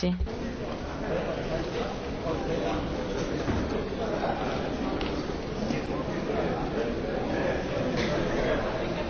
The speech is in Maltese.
Grazzi.